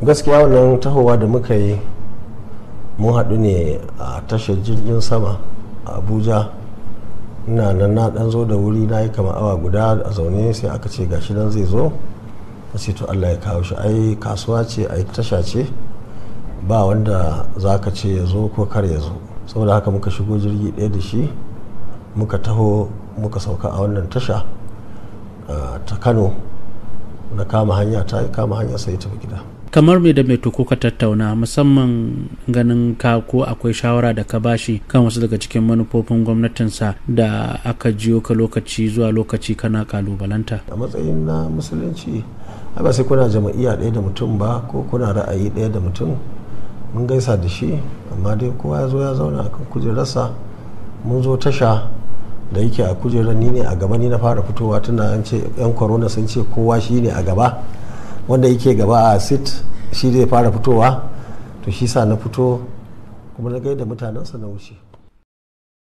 gaskiya wannan tahowa da muka yi mun haɗu ne a tashar jirgin sama a abuja ina nan na ɗan zo da wuri na yi kama awa guda a zaune sai aka ce gashi nan zai zo a ce to allah ya kawo shi ai kasuwa ce ai tasha ce ba wanda za ka ce ya zo ko kar ya zo saboda haka muka shigo jirgi ɗaya da shi muka taho muka sauka a wannan tasha ta kano na kama hanya ta kama hanya sai tafi gida kamar me da mai tuko ka tattauna musamman ganin ka ko akwai shawara da ka bashi kan wasu daga cikin manufofin gwamnatinsa da aka jiyo ka lokaci zuwa lokaci kana kalubalanta a matsayin na musulunci ba sai kuna jama'iya ɗaya da mutum ba ko kuna ra'ayi ɗaya da mutum mun gaisa da shi amma dai kowa ya zo ya zauna akan kujerarsa mun zo tasha da yake a kujerar ni ne a gaba ni na fara fitowa tana ce yan corona sun ce kowa shi ne a gaba wanda yake gaba a sit shi zai fara fitowa to shi sa na fito kuma na gaida mutanensa na wuce